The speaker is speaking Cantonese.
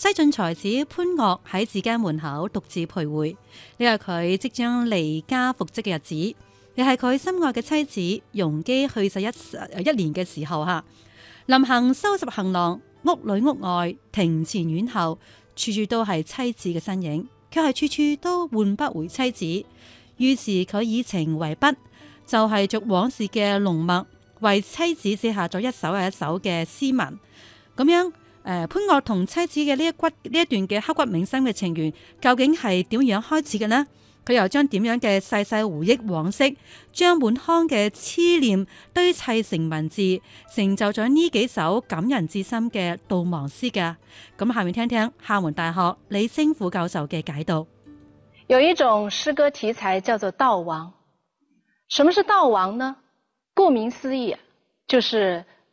西晉才子潘岳喺自家門口獨自徘徊，呢係佢即將離家復職嘅日子，亦係佢心愛嘅妻子容姬去世一一年嘅時候吓。臨行收拾行囊，屋裏屋外、庭前院後，處處都係妻子嘅身影，卻係處處都換不回妻子。於是佢以情為筆，就係、是、續往事嘅濃墨，為妻子寫下咗一首又一首嘅詩文，咁樣。誒、呃，潘岳同妻子嘅呢一骨呢一段嘅刻骨銘心嘅情緣，究竟係點樣開始嘅呢？佢又將點樣嘅細細回憶往昔，將滿腔嘅癡念堆砌成文字，成就咗呢幾首感人至深嘅悼亡詩嘅。咁下面聽聽廈門大學李升虎教授嘅解讀。有一種詩歌題材叫做悼亡。什麼是悼亡呢？顧名思義、啊，就是。